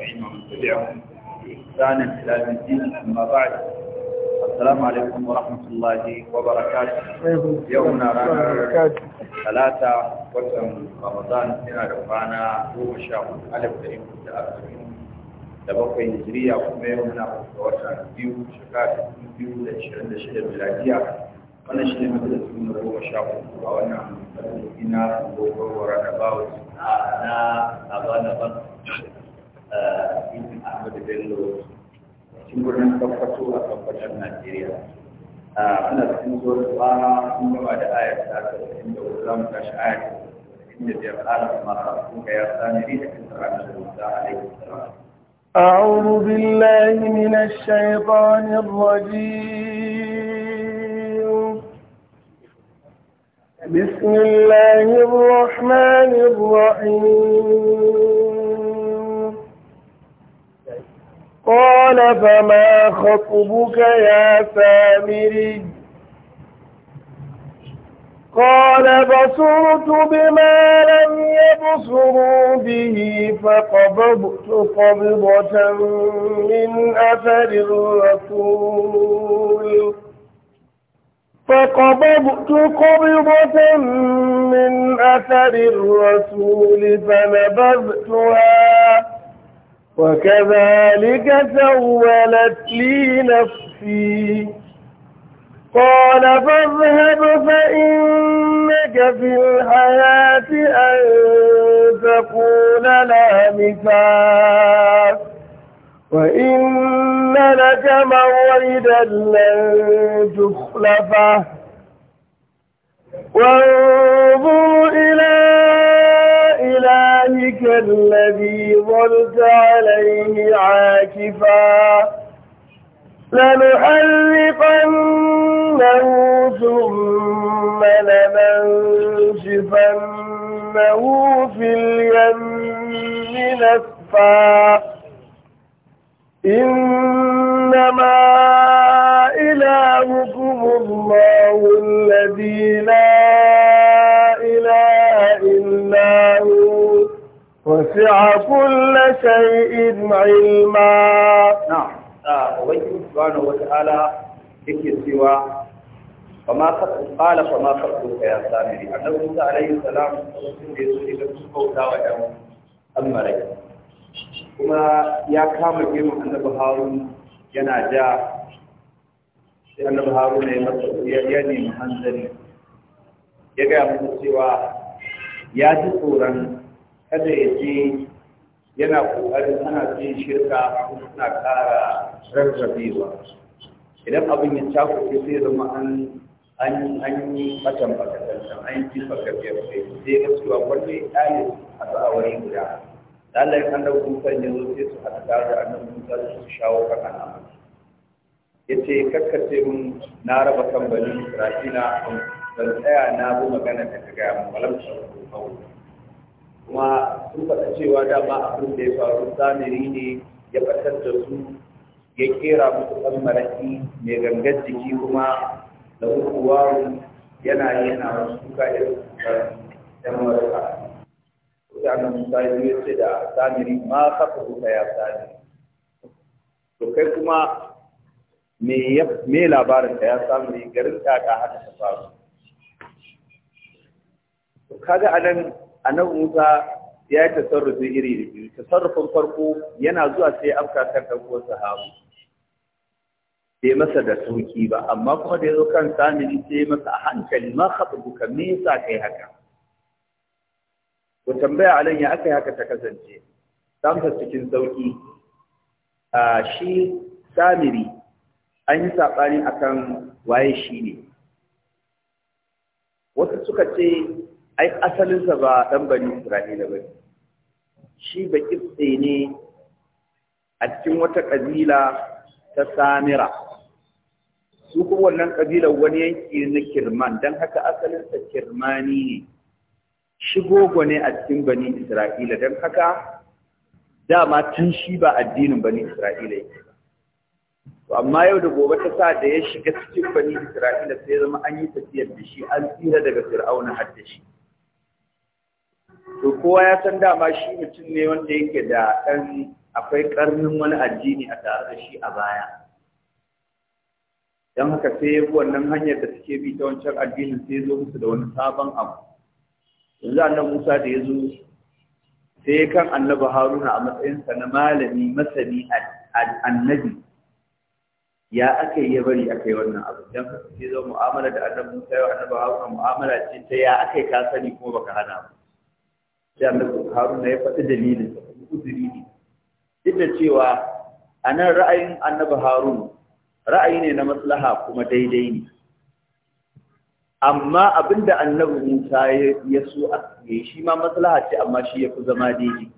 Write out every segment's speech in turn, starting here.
والتابعين ومن تبعهم بإحسان إلى الدين أما بعد السلام عليكم ورحمة الله وبركاته يومنا رانا ثلاثة وتم رمضان ألف da bakwai wannan shi ne na goma sha a wannan majalisi na gogowar na bawa na آه، أحمد بيلو شنقولنا تفتو أتفتو الناجيريا آه، أنا سنقول الله عندما جاء آية ساتر عند أولام تشعي عند جيب آلف مرة كي يرساني ريح كنتران شروطا عليه السلام أعوذ بالله من الشيطان الرجيم بسم الله الرحمن الرحيم قال فما خطبك يا سامري قال بصرت بما لم يبصروا به فقبضت قبضة من أثر الرسول فقبضت قبضة من أثر الرسول فنبذتها وكذلك سولت لي نفسي قال فاذهب فإنك في الحياة أن تكون لا مثال وإن لك موعدا لن تخلفه وانظر إلى ذلك الذي ظلت عليه عاكفا لنحرقنه ثم لننشفنه في اليم نسفا إنما إلهكم الله الذي لا وسع كل شيء علما نعم وجه سبحانه وتعالى yake cewa ba ma ka kala ba ma ka ka ya sami annabi Musa alaihi salam sun da yake da su kauta wa dan amarai kuma ya kama gemun annabi Harun yana ja sai annabi Harun ne ya nemi hanzari ya ga musu cewa ya ji tsoron kada ya je yana ƙoƙarin ana cin shirka kuma suna ƙara rarrabewa idan abin ya cakuɗe sai zama an an an yi matan bakatansa an yi ya sai sai ga cewa wanda ya ɗaya a wani guda lalai an da kusan ya zo sai su haɗa tare da annan musa su shawo kan al'amari ya ce kakkace mun na raba kan bani isra'ila ban tsaya na bi magana da ka gaya mun balam shi kuma sun faɗa cewa dama abin da ya faru zamiri ne ya fatar da su ya kera musu ɗan maraƙi mai gangar jiki kuma da hukuwarun yana yana wasu suka da ɗan maraƙa. Kusa nan Musa ya ce da zamiri ma kafa kuka ya zamiri. To kai kuma me labarin da ya samu ne garin ta haka ta faru. Kaga anan annabi Musa ya yi tasarrufi iri da biyu tasarrufin farko yana zuwa sai afka kan dan uwansa Harun bai masa da sauki ba amma kuma da yazo kan samuni sai masa a hankali ma buka me yasa kai haka ko tambaya alan ya aka haka ta kasance samsa cikin sauki a shi samiri an yi saɓani akan waye shi ne wasu suka ce ai asalinsa ba ɗan bani Isra'ila ba shi ba kitse ne a cikin wata ƙabila ta Samira su kuma wannan ƙabilar wani yanki na Kirman don haka asalinsa Kirmani ne shigogo ne a cikin bani Isra'ila don haka dama tun shi ba addinin bani Isra'ila yake to amma yau da gobe ta sa da ya shiga cikin bani Isra'ila sai zama an yi tafiyar da shi an tsira daga Fir'auna har da shi to kowa ya san dama shi mutum ne wanda yake da ɗan akwai ƙarnin wani addini a tare da shi a baya don haka sai ya wannan hanyar da suke bi ta wancan addinin sai ya zo musu da wani sabon abu yanzu annan Musa da ya zo sai ya kan annabi Haruna a matsayinsa na malami masani annabi ya aka yi ya bari aka yi wannan abu don haka sai zo mu'amala da annabi Musa ya annabi Haruna mu'amala ce ta ya aka yi ka sani kuma baka hana ba sai haruna ya faɗi dalilin sa uzuri ne duk da cewa anan ra'ayin annabi harun ra'ayi ne na maslaha kuma daidai ne amma abinda annabi musa ya so a shi ma maslaha ce amma shi ya fi zama daidai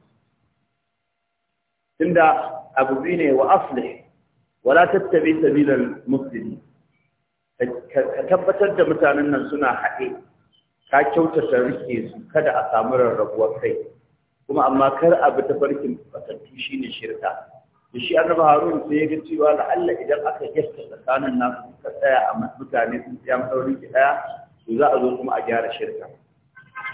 tunda abu zai ne wa aslih wala tattabi sabilal muslimin ka tabbatar da mutanen nan suna haɗe ka kyautata rike su kada a samu rarrabuwar kai kuma amma kar bi ta farkin fatattu shine shirka da shi raba harun sai ya ga cewa la'alla idan aka gesta tsakanin nasu ka tsaya a mutane sun tsaya masaurin ki daya to za a zo kuma a gyara shirka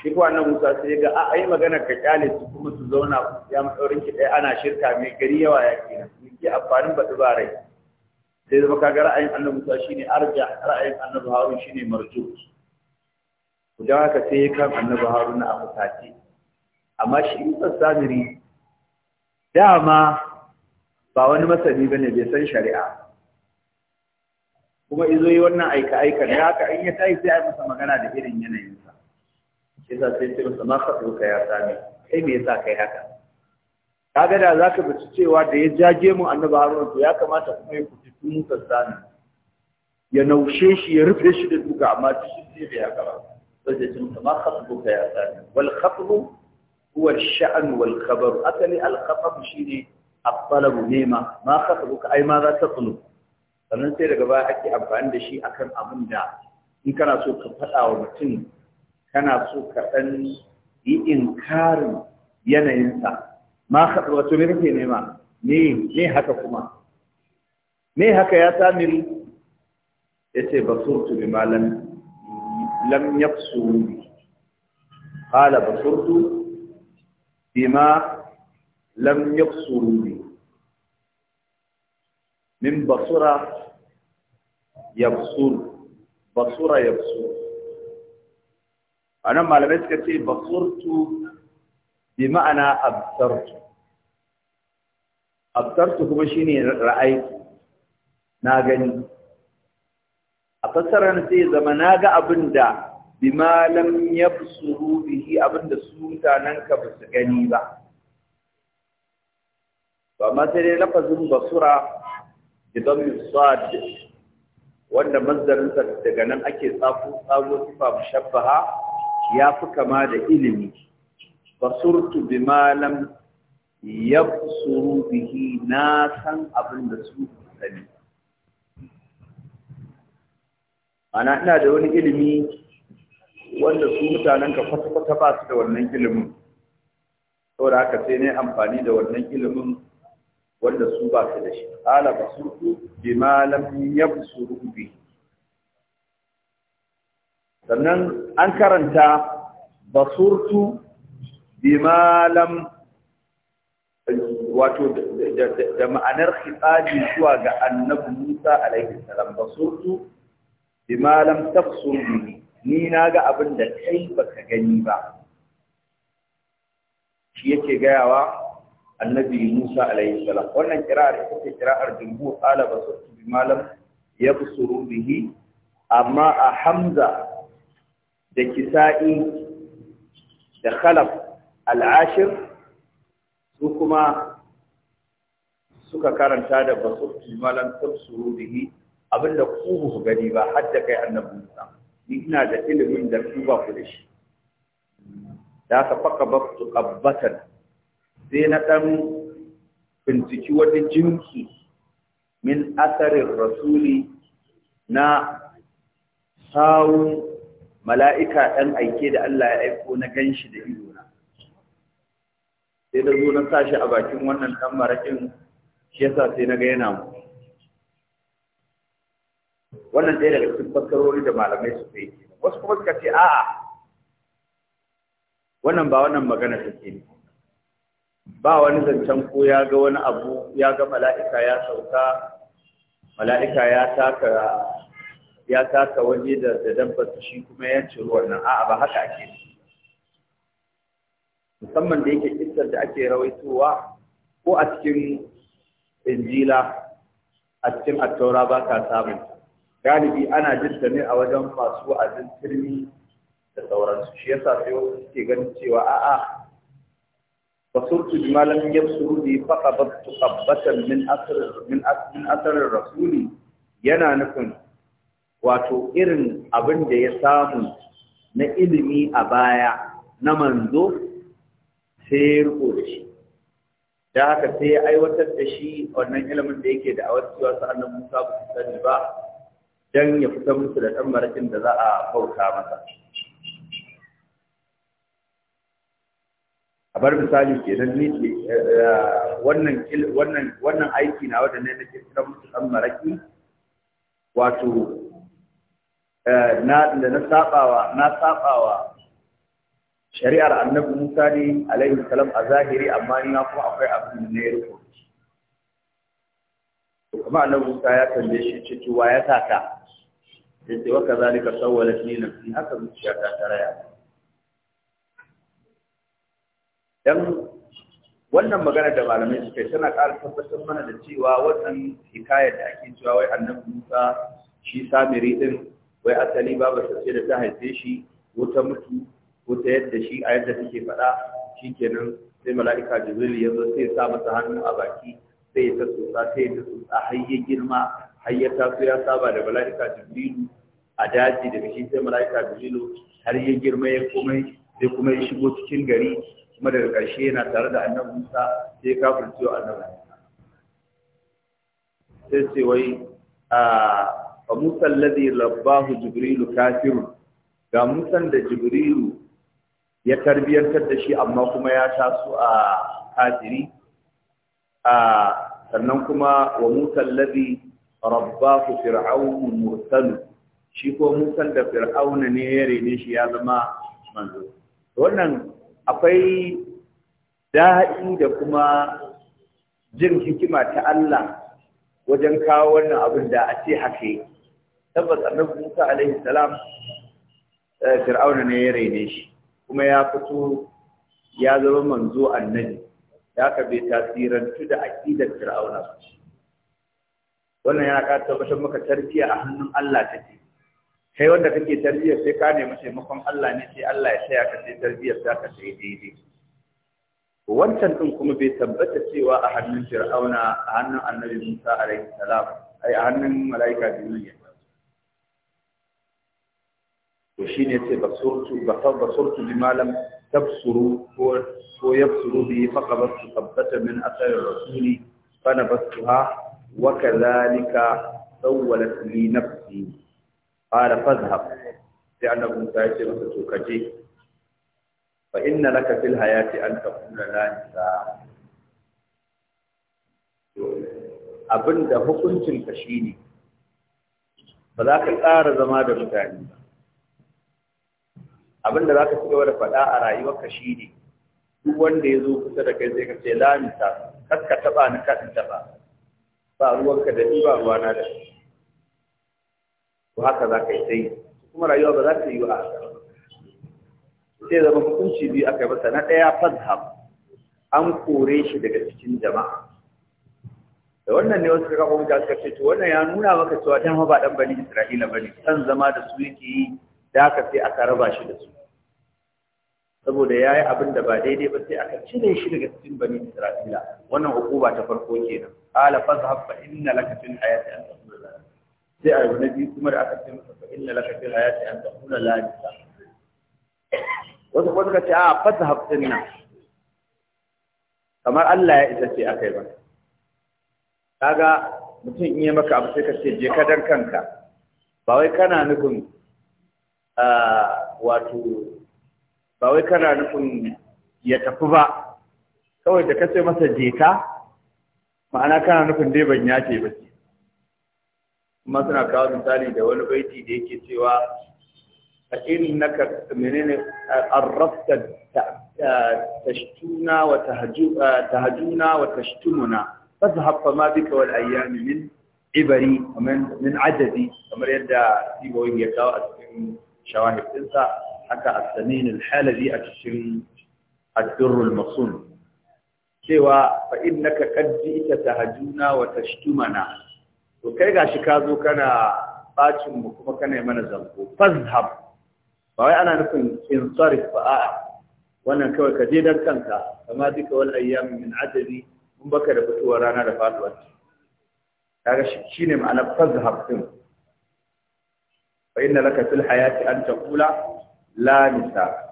shi kuwa annabi musa sai ga a yi magana ka kyale su kuma su zauna ya masaurin ki daya ana shirka mai gari yawa ya ke nan ki amfanin ba rai sai zama kaga ra'ayin annabi musa shine arja ra'ayin annabi harun shine marjuh ku don haka sai ya kan annabi haruna a fusace amma shi isa samiri dama ba wani masani ba ne bai san shari'a kuma izo yi wannan aika-aika da haka in ya tayi sai a masa magana da irin yanayinsa shi yasa sai ce masa ma ka ka ya sami kai me yasa kai haka kaga da zaka bi cewa da ya jage mu annabi haruna to ya kamata kuma ya kuci tun sani ya naushe shi ya rufe shi da duka amma shi sai bai haka ba فجسم ما خطبك يا ثاني والخطب هو الشأن والخبر أتلي الخطب شيني الطلب نيمة ما خطبك أي ماذا تطلب sannan sai daga baya ake amfani da shi akan abin da in kana so ka faɗa wa mutum kana so ka ɗan yi inkarin yanayinsa ma haɗu wato me kake nema ne ne haka kuma me haka ya samiri ya ce ba so tu bi malam لم يقصوني قال بصرت بما لم يقصوني من بصرة يبصر بصرة يبصر أنا ما لمسك شيء بصرت بمعنى أبصرت أبصرت هو شيء رأيت ناقني a fassarar sai zama na ga abin da ya fi yabsuru bihi abin da su mutanen ba su gani ba ba ma sai dai lafazin basura da dhammi sad wanda mazarinsa sa daga nan ake tsafo tsago sifa mushabbaha ya fi kama da ilimi basurtu ya fi yabsuru bihi na san abinda da su sani ana ina da wani ilimi wanda su mutanen ka kwata-kwata ba su da wannan ilimin saboda haka sai ne amfani da wannan ilimin wanda su ba su da shi ala basurku bima lam yabsuru bi sannan an karanta basurtu bi malam, wato da ma'anar khitabi zuwa ga annabi Musa alaihi salam basurtu bima lam taqsum bihi ni na ga abin da kai baka gani ba shi yake gayawa annabi Musa alaihi salam wannan kira'ar ita kira'ar jumhur ala basu bima lam yabsuru bihi amma a hamza da kisa'i da khalaf al'ashir su kuma suka karanta da basu bima lam tabsuru bihi Abin da ku ku gani ba har da kai annabi Musa ni ina da ilimin da ku ba ku da shi da ka faka baktu qabbatan sai na dan fintiki wani jinki min asarin rasuli na sawun mala'ika ɗan aike da Allah ya aiko na ganshi da idona sai da zo na sashi a bakin wannan ɗan marakin shi yasa sai na ga yana mu wannan ɗaya daga cikin fassarori da malamai su kai wasu kuma suka ce a'a wannan ba wannan magana take ne ba wani zancen ko ya ga wani abu ya ga mala'ika ya sauka mala'ika ya taka ya taka waje da da dabbar shi kuma ya ci ruwan nan a'a ba haka ake musamman da yake kissar da ake rawaitowa ko a cikin injila a cikin attaura ba ka samun galibi ana jinta ne a wajen masu wa'azin turmi da sauransu shi yasa sai wasu suke ganin cewa a'a فصرت malamin لم يبصرني فقبضت قبة من أثر min من أثر rasuli yana nufin wato irin abin da ya samu na ilimi a baya na manzo sai ya riko da shi da haka sai ya aiwatar da shi wannan ilimin da yake da awar cewa sa'annan musa ba su sani ba don ya fitar musu da ɗan marakin da za a bauta masa. a bar misali kenan ni eh, wannan wannan wannan aiki na wanda ne nake kira musu dan maraki wato eh, na na sabawa na sabawa shari'ar annabi Musa ne alaihi salam a zahiri amma ni na kuma akwai abin da ne rubuci to kuma annabi Musa ya kalle shi cewa ya saka yace ce wa kazalika sawwalat li nafsi haka zuciya ta taraya dan wannan magana da malamai suke tana ƙara tabbatar mana da cewa wannan hikayar da ake cewa wai annabi Musa shi samiri din wai asali babu ba sai da ta haife shi ko mutu ko yadda shi a yadda take faɗa shikenan sai mala'ika Jibril ya zo sai ya sa masa hannu a baki sai ya ta tsotsa sai ya tsotsa har ya girma har ya taso ya saba da mala'ika Jibril a daji da shi sai mala'ika jibrilu har ya girma ya komai sai kuma ya shigo cikin gari kuma daga ƙarshe yana tare da annabi Musa sai ya kafirce wa annabi sai ce wai a fa Musa alladhi labbahu jibrilu kafirun ga Musan da jibrilu ya tarbiyantar da shi amma kuma ya taso a kafiri a sannan kuma wa Musa alladhi rabbahu Fir'aun mursalun shi ko musan da fir'auna ne ya rene shi ya zama manzo wannan akwai daɗi da kuma jin hikima ta Allah wajen kawo wannan abin da a ce hake tabbas annabi Musa alaihi salam eh, Fir'auna ne ya rene shi kuma ya fito ya zama manzo annabi da ka bai tasirantu da aqidar Fir'auna wannan ya ka tabbatar maka tarbiya a hannun Allah take kai wanda kake tarbiyyar sai ka nemi taimakon Allah ne sai Allah ya tsaya ka sai tarbiyyar ta ka sai daidai wancan din kuma bai tabbata cewa a hannun Fir'auna a hannun Annabi Musa alaihi salam ai a hannun malaika Jibril ne to shine yace basurtu basurtu malam tabsuru ko ko yabsuru bi faqabat tabbata min athar rasuli fa nabatuha wa kadhalika sawwalat li nafsi qala fazhab sai annabi Musa ya ce masa to kaje fa inna laka fil hayati an taqula la ilaha abinda hukuncin ka shine ba za ka tsara zama da mutane ba abinda za ka ci gaba da faɗa a rayuwarka shine duk wanda ya zo kusa da kai sai ka ce la ilaha kar ka taba ni ka taba ba ruwanka da ni ba ruwana da ni to haka za ka yi sai kuma rayuwa ba za ta yi wa sai zama hukunci biyu aka yi masa na ɗaya fadhab an kore shi daga cikin jama'a da wannan ne wasu kafa mutane suka ce to wannan ya nuna maka cewa dan ba dan bani Isra'ila bane san zama da su yake yi da aka sai aka raba shi da su saboda yayi abin da ba daidai ba sai aka cire shi daga cikin bani Isra'ila wannan hukuma ta farko kenan ala fadhab fa inna laka fil hayati an sai a na biyu kuma da aka ce masa fa inna laka fil hayati an taqula la ilaha wasu kuma suka ce a fata hafsin nan kamar Allah ya isa ce akai ba kaga mutum in yi maka abu sai ka ce je ka dan kanka ba wai kana nufin wato ba wai kana nufin ya tafi ba kawai da ka ce masa je ka ma'ana kana nufin dai ban yace ba ce kuma suna kawo misali da wani baiti da yake cewa a innaka menene arrafta tashtuna wa tahajuna wa tashtumuna fadhhab fama bika wal ayyam min ibari min adadi kamar yadda sibawin ya kawo a cikin shawahid dinsa haka a samin al a cikin ad masun cewa fa innaka qad ji'ta tahajuna wa tashtumuna. to kai gashi ka zo kana bacin mu kuma kana yi mana zango fazhab ba wai ana nufin in sarif ba a'a wannan kawai ka je dan kanka kama duka wal ayyam min adabi mun baka da fitowar rana da faduwa kaga shi ne ma'anar fazhab din fa inna laka fil hayati an taqula la nisa'a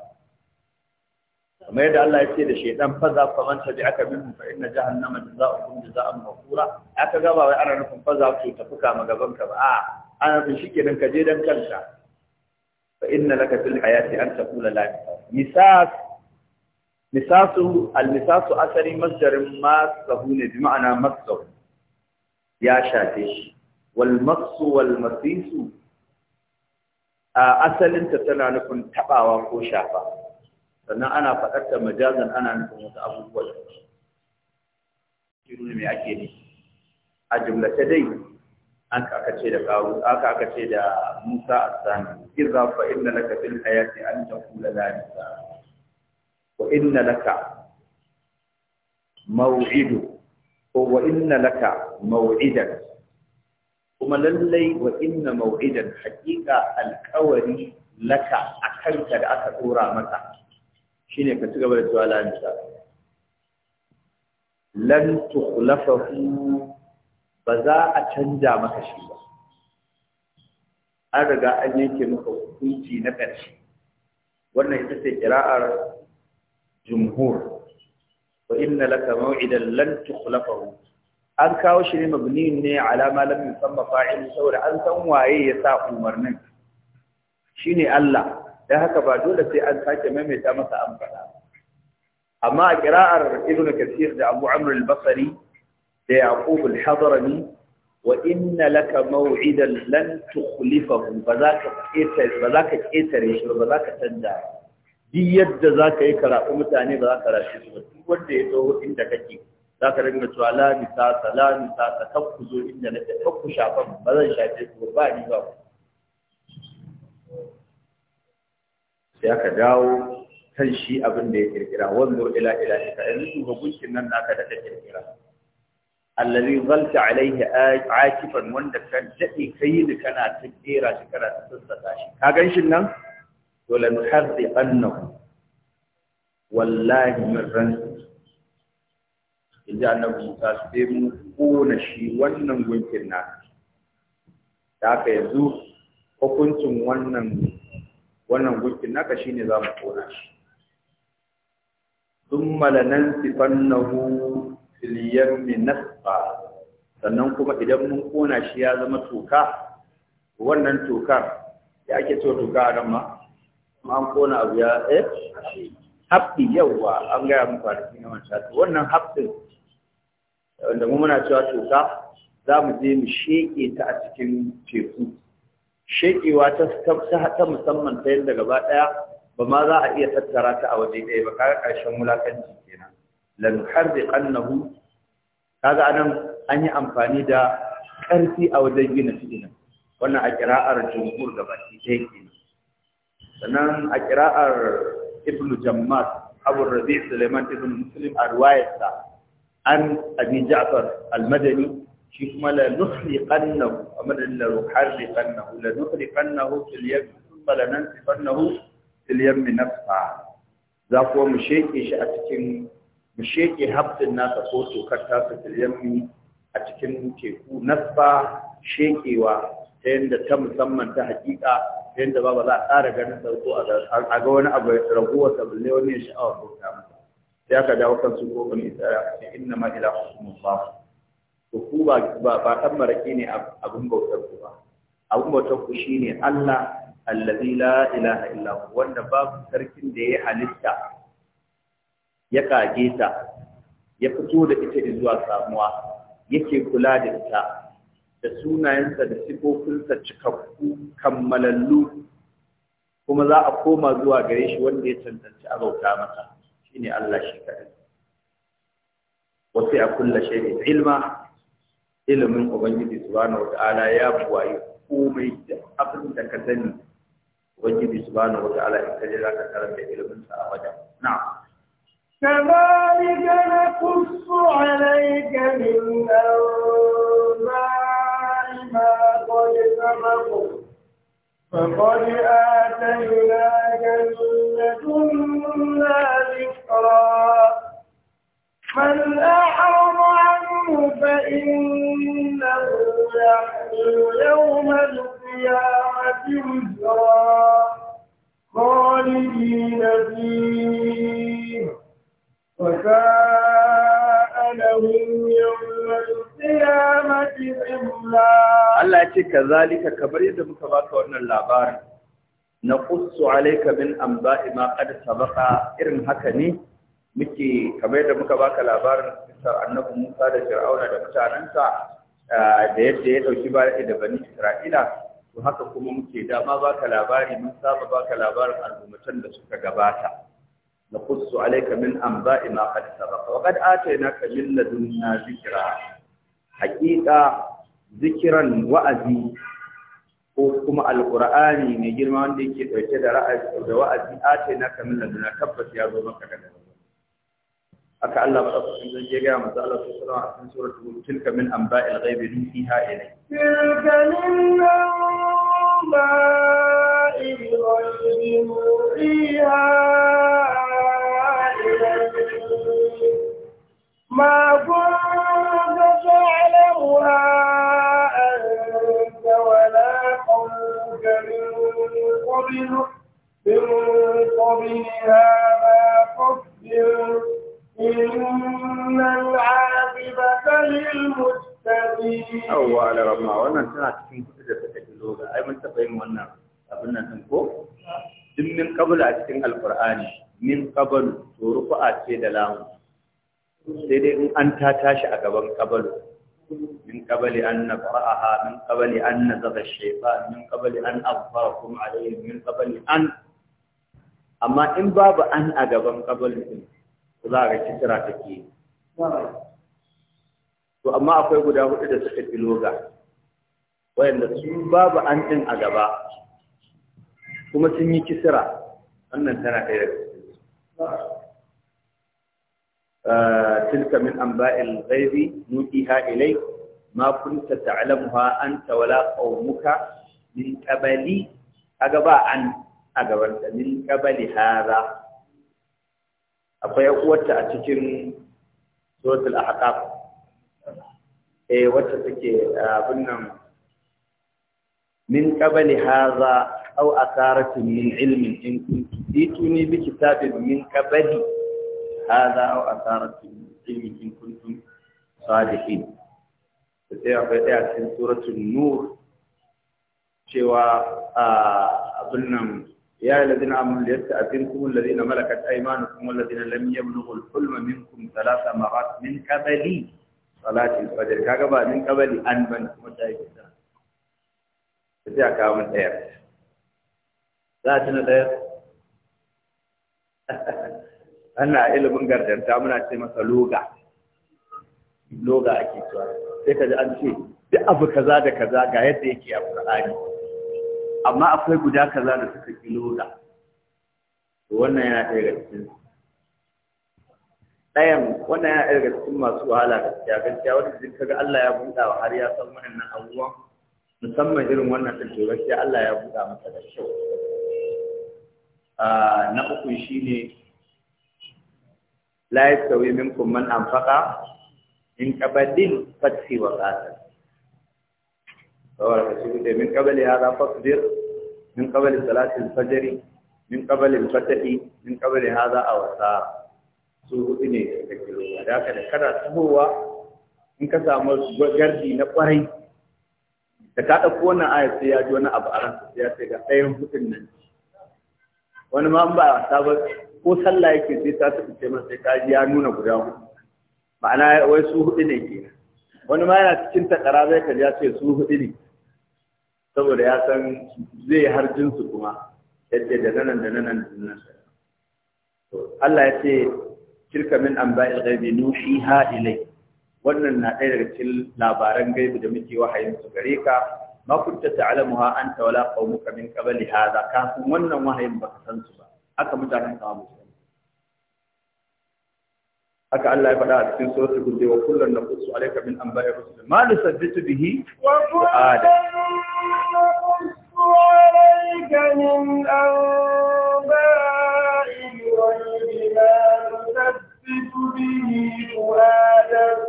kamar yadda Allah ya ce da shaidan fa za fa man tabi'aka minhum fa inna jahannama jazaa'ukum jazaa'an mawfura aka ga ba wai ana nufin faza za ku tafi kama gaban ka ba a ana nufin shikenan ka je dan kanka fa inna laka fil hayati an taqula la misas misasu al misasu asari masdarin masahu ne bi ma'ana masahu ya shafe shi wal masu wal masisu asalin ta tana nufin tabawa ko shafa sannan ana faɗar da majazan ana nufin wasu abubuwa da shi ne mai ake ne a jumlace dai an aka ce da karu aka aka ce da Musa as-Sani idza fa inna laka fil hayati an taqula la ilaha wa inna laka maw'idu ko wa inna laka maw'idan kuma lallai wa inna maw'idan haqiqa alqawari laka akanka da aka dora maka ne ka ci gaba da cewa lanta lantu lan ba za a canja maka shi ba an riga an yanke maka hukunci na ƙarshe wannan ita ce kira'ar jumhur wa inna laka maw'idan lantu tukhlafahu an kawo shi ne mabni ne alama ma lam yusamma fa'il saboda an san waye ya sa umarnin shine Allah dan haka ba dole sai an sake maimaita masa an faɗa amma a kira'ar ibnu kathir da abu amr al-basri da yaqub al-hadrami wa inna laka maw'idan lan tukhlifahu ba za ka ketare ba za ka ketare shi ba za ka canza duk yadda za ka yi karatu mutane ba za ka rashe ba duk wanda ya zo inda kake za ka ringa cewa la misasa la misasa ta ku zo inda nake kan shafan ba zan shafe ku ba ni ba ku sai aka dawo kan shi abin da ya kirkira wanzu ila ila ilahika yanzu duba gunkin nan naka da ka kirkira allazi zalta alaihi akifan wanda ka dade kai da kana ta kera shi kana ta sassa shi ka gan shi nan to la nuharri annahu wallahi min ran inda annabi Musa sai mu kona shi wannan gunkin naka da ka yanzu hukuncin wannan wannan gunkin naka shine za mu kona shi thumma lanansifannahu fil yammi nasfa sannan kuma idan mun kona shi ya zama toka wannan tokar ya ake cewa toka a nan ma an kona abu ya eh haɓɓi yawwa an gaya mu kwanaki na wancan wannan haɓɓin wanda mu muna cewa toka za mu je mu sheƙe ta a cikin teku shekewa ta musamman ta yadda gaba ɗaya ba ma za a iya tattara ta a waje ɗaya ba kaga ƙarshen wulakanci kenan lan harbiqannahu kaga anan an yi amfani da ƙarfi a wajen gina fi'ilin wannan a ƙira'ar jumhur da baki ɗaya kenan sannan a ƙira'ar ibn jammas abu rabi suleiman ibn muslim a ruwayarsa an abi ja'far al-madani shi kuma la nuhliqannahu amana la nuhliqannahu la nuhliqannahu fil yam thumma la nansifannahu fil yam nafsa za ko mu sheke shi a cikin mu sheke habdin nasa ko tokar tasa fil yam a cikin teku nafsa shekewa ta yanda ta musamman ta hakika ta yanda ba ba za a tsara ganin sauko a ga wani abu raguwa sabbin wani ya sha'awar bauta masa sai aka dawo kan su ko bani isra'a inna ma ila hukumullah to ku ba ba dan maraki ne abin bautar ku ba Abun bautar ku shine Allah allazi la ilaha illa hu wanda babu sarkin da ya halitta ya kage ta ya fito da ita zuwa samuwa yake kula da ita da sunayensa da sifofinsa cikakku kammalallu kuma za a koma zuwa gare shi wanda ya cancanci a bauta mata. shine Allah shi kadai wa a kulla shay'in ilma ilimin ubangiji subhanahu wata'ala ya buwaye komai da abin da ka sani ubangiji subhanahu wata'ala in kaje za ka karanta ilimin sa a wajen na'am كذلك نقص عليك من أنباء ما قد سبق فقد آتيناك من لدنا ذكرا من أعرض عنه فإنه يحمل يوم القيامة وزرا خالدين فيه وساء لهم يوم القيامة عملا Allah ya ce ka zalika kamar yadda muka baka wannan labarin na qussu alayka min anba'i ma qad irin haka ne muke kamar yadda muka baka labarin kisar annabi Musa da Fir'auna da mutanensa eh, da yadda ya dauki bayan da bani Isra'ila to haka kuma muke da ma baka labari mun saba baka labarin al'ummatan da suka gabata na qussu alayka min anba'i ma qad sabaqa wa qad atainaka min ladunna zikra haqiqa zikran wa'azi ko kuma alqur'ani ne girma wanda yake dauke da ra'ayi da wa'azi atainaka min ladunna tabbas ya zo maka daga haka Allah ba su sun zai ga masa Allah su sura a cikin surar tuhud tilka min anba'il ghaibi nuhiha ilay tilka min anba'il ghaibi nuhiha ما كنت تعلمها أنت ولا قومك من قبل من قبل هذا فاصبر Yawwa da rama wannan tana cikin kuɗi da suka kilo ga ai mun taɓa yin wannan abin nan ɗin ko? Duk min kabul a cikin Alƙur'ani, min ƙabalu to rufa'a ce da lamu. Sai dai in an ta tashi a gaban ƙabalu, Min ƙabali an na fara'aha, min ƙabali an na zaga shefa, min ƙabali an azfara kuma alayhi, min ƙabali an. Amma in babu an a gaban ƙabalu. ɗin za ga kitira take yi to amma akwai guda hudu da suka fi loga wayanda su babu an din a gaba kuma sun yi kisira wannan tana ɗaya daga eh, tilka min anba'il ghaibi nuqiha ilay ma kunta ta'lamuha anta wala qawmuka min qabli a ba an a gaban min qabli hadha akwai uwarta a cikin suratul ahqaf eh wacce take eh, abin nan min qabli hadha aw asaratin min ilmin in kuntum ituni bi kitabin min qabli hadha aw asaratin min ilmin in kuntum sadiqin sai akwai ɗaya cikin suratul nur cewa ah, abin nan يا الذين آمنوا ليستأذنكم الذين ملكت أيمانكم والذين لم يبلغوا الحلم منكم ثلاث مرات من قبل صلاة الفجر كاغبا من قبل أن بنكم الشاهدين sai a kawo min ɗaya za a tuna ɗaya ana ilimin gardanta muna ce masa loga loga ake cewa sai ka ji an ce duk abu kaza da kaza ga yadda yake a ƙur'ani amma akwai guda kaza da suka kiloda wannan yana ɗaya daga cikin ɗayan wannan yana ɗaya daga cikin masu wahala gaskiya gaskiya wanda jin kaga Allah ya buɗa wa har ya san nan abubuwan musamman irin wannan ɗin to gaskiya Allah ya buɗa masa da kyau ah, na uku shine la yastawi minkum man anfaqa in kabadin fatsi wa qatal saboda ka shi da min ya hada fasbir min qabli salatin al min qabli al-fatahi min qabli hada aw sa su hudu ne da kilo da haka da kada tuhowa in ka samu gardi na kwarai da ta ɗauko wannan ayar sai ya ji wani abu a ransa sai ya ce ga ɗayan hudun nan wani ma ba a wasa ba ko sallah yake sai ta tafi ce masa sai kaji ya nuna guda hudu ma'ana wai su hudu ne ke wani ma yana cikin takara zai kaji ya ce su hudu ne saboda ya san zai harjin su kuma yace da nanan da nan da nan to Allah ya ce tilka min anba'il ghaibi nuhiha ilai wannan na ɗaya daga cikin labaran gaibi da muke wahayin su gare ka ma kunta ta'lamuha anta wala qaumuka min qabli hadha kafin wannan wahayin baka san su ba aka mutanen kawo haka Allah ya faɗa a cikin suratul hud wa na naqussu alaika min anba'i rusul ma nusabbitu bihi wa qada alayka min anba'i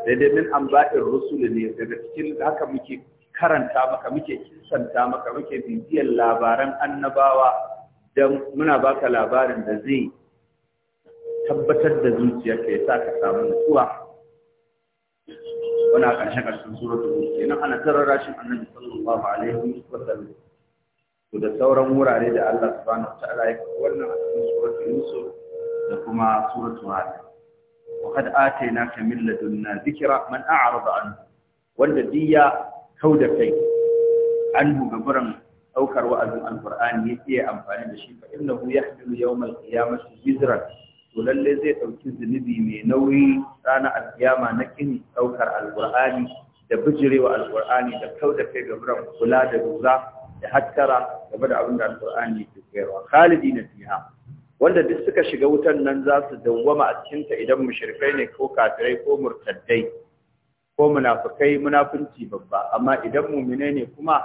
daidai min an amba'in rusul ne daga cikin haka muke karanta maka muke kisanta maka muke bibiyar labaran annabawa don muna baka labarin da zai tabbatar da zuciyarka ya sa ka samu nutsuwa wani a ƙarshe ƙarshen suratul mulk kenan ana tarar rashin annabi sallallahu alaihi wa sallam da sauran wurare da Allah subhanahu wa ta'ala ya wannan a cikin suratul yusuf da kuma suratul hadi wa qad atainaka min ladunna dhikra man a'rada anhu wanda diya kauda kai anhu gaburan daukar wa'azin alqur'ani yake amfani da shi fa innahu yahmilu yawmal qiyamati wizran to zai ɗauki zunubi mai nauyi ranar alkiyama na kin ɗaukar alƙur'ani da bijirewa alƙur'ani da kau da kai gaburan kula da duza da hattara game da abin da alƙur'ani ke kaiwa khalidi na fiha wanda duk suka shiga wutan nan za su dawwama a cikinta idan mushrikai ne ko kafirai ko murtaddai ko munafukai munafunci babba amma idan muminai ne kuma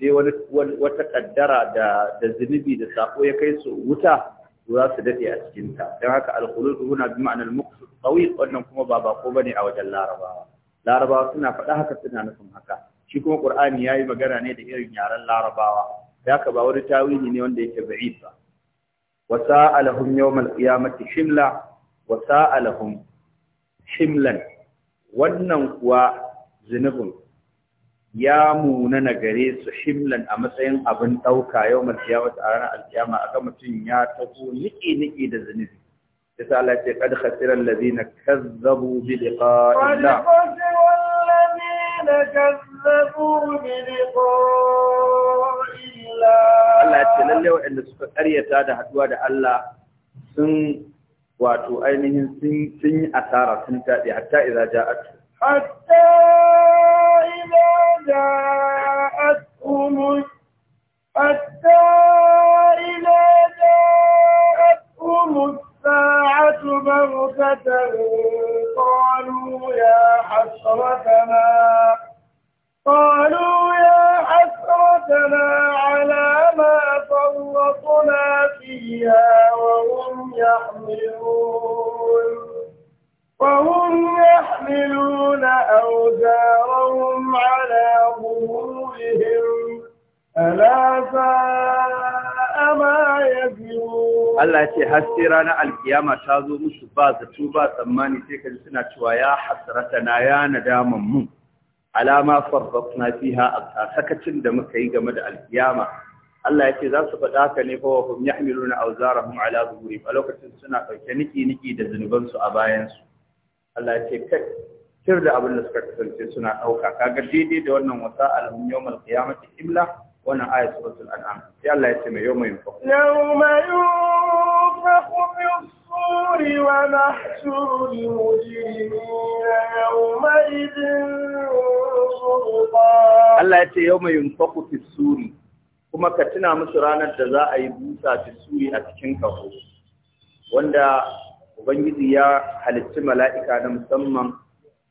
sai wani wata kaddara da da zunubi da sako ya kai su wuta to za su daɗe a cikinta don haka alkhuludu huna bi ma'anar muqsu qawi wannan kuma ba bako bane a wajen larabawa larabawa suna faɗa haka suna nufin haka shi kuma qur'ani yayi magana ne da irin yaren larabawa da haka ba wani tawili ne wanda yake ba'id ba wa sa'alahum yawmal qiyamati shimla wa sa'alahum shimlan wannan kuwa Zunubun. ya muna na gare su himlan a matsayin abin ɗauka yau malkiya wata a ranar alkiyama a ga mutum ya taho niƙi-niƙi da zunubi ta sa Allah ce kad khasiran ladina kazzabu bi liqa'illah Allah ce lalle waɗanda suka karyata da haɗuwa da Allah sun wato ainihin sun yi asara sun taɗe hatta idza ja'at hatta إذا جاءتهم حتى إذا جاءتهم الساعة بغتة قالوا يا حسرتنا على ما فرطنا فيها وهم يحملون وهم يحملون أوزارهم على ظهورهم ألا ساء ما يزنون الله يتي حسيرانا القيامة تازو مشبا زتوبا ثماني تيك جسنا شويا حسرتنا يا ندام مم على ما فرطنا فيها أبتا سكتن دمكي جمد القيامة Allah ya ce za su faɗa ka ne fa wa hum yahmiluna awzarahum ala zuhuri a lokacin suna ɗauke niki niki da zunubansu a bayansu Allah ya ce kai kir da abin da suka kasance suna ɗauka kaga daidai da wannan wasa alhum yawmal qiyamati imla wannan aya suratul an'am sai Allah ya ce mai yawma yunfaqu yawma yunfaqu fi suri wa nahshuru al-mujrimina yawma idhin Allah ya ce yawma yunfaqu fi suri kuma ka tuna musu ranar da za a yi busa fi suri a cikin kaho wanda ubangiji ya halicci mala'ika na musamman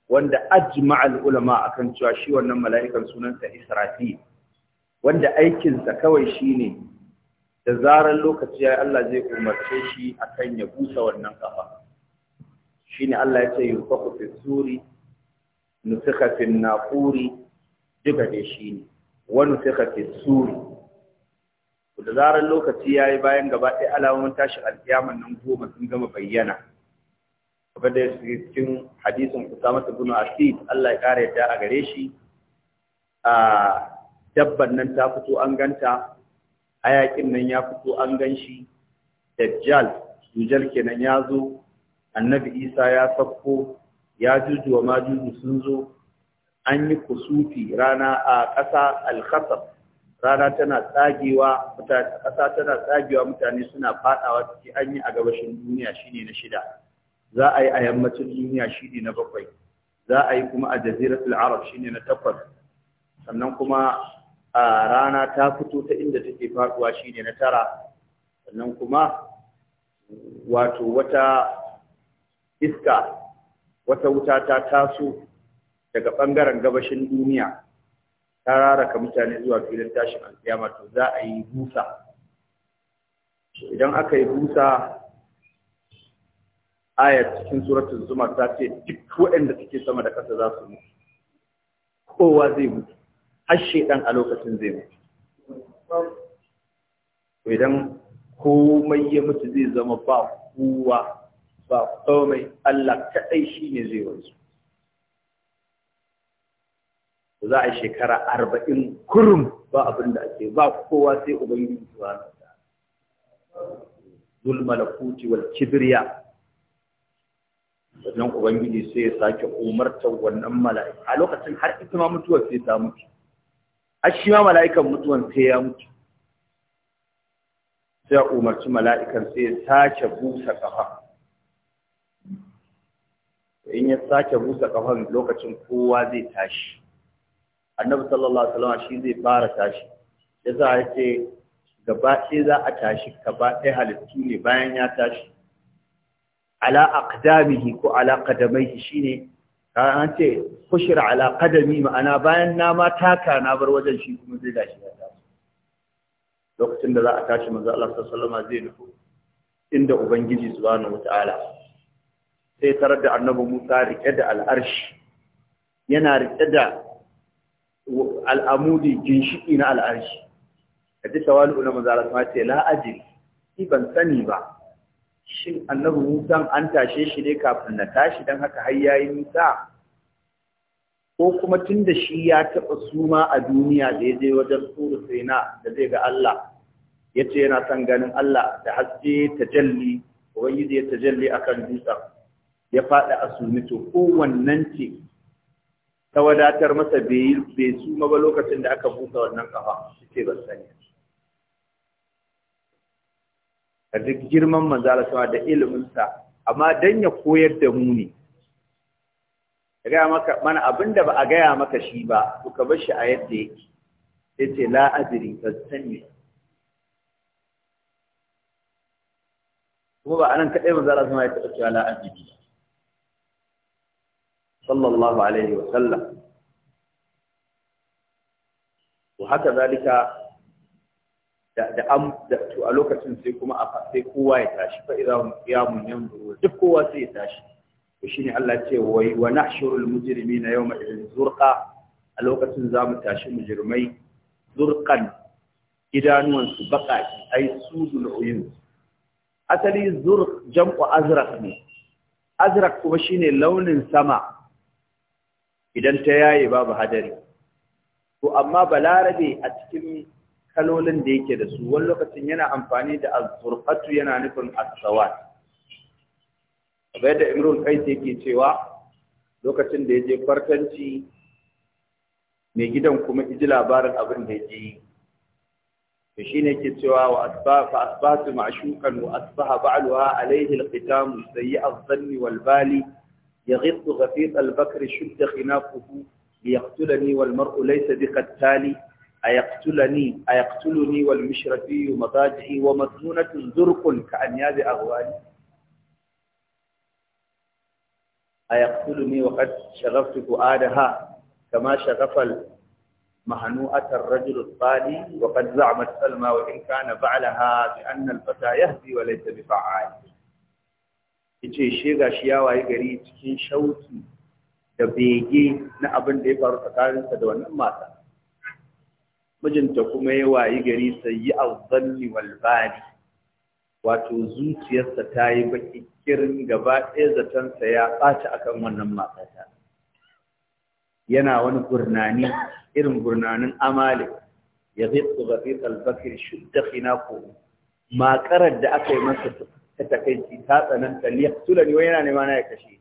wanda ajma'al ulama akan cewa shi wannan mala'ikan sunansa Israfil wanda aikinsa kawai shine da zarar lokaci ya Allah zai umarce shi akan ya busa wannan kafa shine Allah ya ce yufaku fi suri nusika fi naquri duka dai shine wa nusika fi suri da zarar lokaci ya yi bayan gaba ɗaya alamomin tashin alkiyaman nan goma sun gama bayyana kamar da yake cikin hadisin Usama ibn Asid Allah ya kare ta a gare shi a dabban nan ta fito an ganta hayakin nan ya fito an ganshi dajjal dujal kenan ya zo annabi Isa ya sauko. ya juju wa majuju sun zo an yi kusufi rana a ƙasa al rana tana tsagewa mutane Kasa tana tsagewa mutane suna fadawa ciki anyi a gabashin duniya shine na shida za a yi a yammacin duniya shine na bakwai za a yi kuma a jaziratul arab shine na takwas sannan kuma a rana ta fito ta inda take faduwa shine na tara sannan kuma wato wata iska wata wuta ta taso daga bangaren gabashin duniya ta raraka mutane zuwa filin tashin alkiyama to za a yi busa idan aka yi busa aya cikin suratul zumar ta ce duk waɗanda suke sama da ƙasa za su mutu kowa zai mutu har shedan a lokacin zai mutu idan komai ya mutu zai zama ba kowa ba komai Allah kaɗai shi ne zai wanzu za a shekara arba'in kurum ba abin da ake ba kowa sai ubangiji subhanahu wa ta'ala zul malakuti wal kibriya Wannan ubangiji sai ya sake umartar wannan mala'ika a lokacin har ita ma mutuwar sai ta mutu har shi ma mala'ikan mutuwar sai ya mutu sai ya umarci mala'ikan sai ya sake busa kafa in ya sake busa kafan lokacin kowa zai tashi annabi sallallahu alaihi wasallam shi zai fara tashi yasa ya ce gaba ɗaya za a tashi gaba ɗaya halittu ne bayan ya tashi ala aqdamihi ko ala qadamaihi shine an ce kushira ala qadami ma'ana bayan na ma taka na bar wajen shi kuma zai tashi ya tashi lokacin da za a tashi manzo Allah sallallahu alaihi wasallam zai nufi inda ubangiji subhanahu wataala sai tarar da annabi Musa rike da al'arshi yana rike da al'amudi ginshiki na al'arshi A ji tawalu na mazara ta ce la ni ban sani ba shin annabi Musa an tashe shi ne kafin na tashi dan haka har yayi nisa ko kuma tunda shi ya taɓa suma a duniya da ya je wajen tsoro sai na da zai ga Allah yace yana son ganin Allah da haske tajalli ubangiji ya tajalli akan dutsen ya faɗi a sumi to ko wannan ce ta wadatar masa bai suma ba lokacin da aka busa wannan kafa ce ban sani A duk girman manzala sama da iliminsa amma don ya koyar da mu ne ya gaya maka mana abin da ba a gaya maka shi ba su ka bar shi a yadda yake ya ce la ban sani kuma ba anan kadai manzala sama ya taɓa cewa la ba sallallahu alaihi wa sallam to haka zalika da a lokacin sai kuma a sai kowa ya tashi fa idza qiyamun yanzuru duk kowa sai ya tashi to shine Allah ya ce wai wa nahshurul mujrimina yawma idhin zurqa a lokacin za mu tashi mujrimai zurqan idanuwansu baƙaƙi ai sudul uyun asali zur jam'u azraq ne azraq kuma shine launin sama idan ta yaye babu hadari to amma balarabe a cikin kalolin da yake da su wani lokacin yana amfani da azurqatu yana nufin as-sawat da imrul qais yake cewa lokacin da yaje farkanci mai gidan kuma iji labarin abin da yake yi to shine yake cewa wa asbaha asbatu ma'shuqan wa asbaha ba'luha alayhi al-qitam sayyi dhanni wal bali يغض غفير البكر شد خنافه ليقتلني والمرء ليس بقتالي أيقتلني أيقتلني والمشرفي مضاجعي ومضمونة زرق كأنياب أغوالي أيقتلني وقد شغفت فؤادها كما شغف مهنوءة الرجل الطالي وقد زعمت سلمى وإن كان بعلها بأن الفتى يهدي وليس بفعالي yace shi ga shi ya waye gari cikin shauki da bege na abin da ya faru tsakaninsa da wannan mata mijinta kuma ya wayi gari sayi azzalli wal walbari, wato zuciyarsa ta yi baki kirin gaba ɗaya zatonsa ya ɓata akan wannan matata yana wani gurnani irin gurnanin amali ya zai tsogafi kalbakir shudda hina ko makarar da aka yi masa ta takaici ta tsananta liya sulani wai yana nema na ya kashe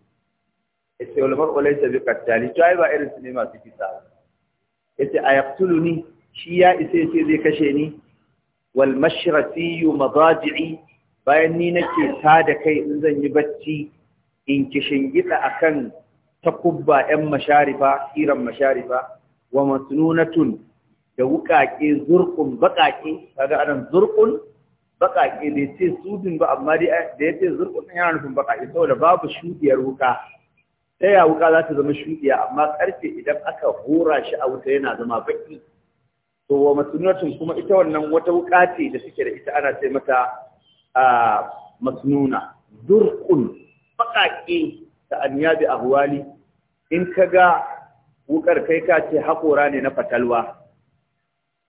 yace wal mar'u laysa bi qattali to ai ba irin su ne masu kisa yace ni shi ya isa yace zai kashe ni wal mashrati madaji'i bayan ni nake ta da kai in zan yi bacci in kishin a akan takubba yan masharifa kiran masharifa wa masnunatun da wuƙaƙe zurƙun baƙaƙe kaga anan zurƙun baƙaƙe da ya ce sudin ba amma eh, da ya ce zurkutun yana nufin baƙaƙe saboda babu shuɗiyar wuka ta ya wuka za ta zama shuɗiya amma ƙarfe idan aka hora shi a wuta yana zama baƙi to wa masunatun kuma ita wannan wata wuka ce da suke da ita ana ce mata masununa. durkun baƙaƙe ta anyabi ahwali in ka ga wukar kai ka ce haƙora ne na fatalwa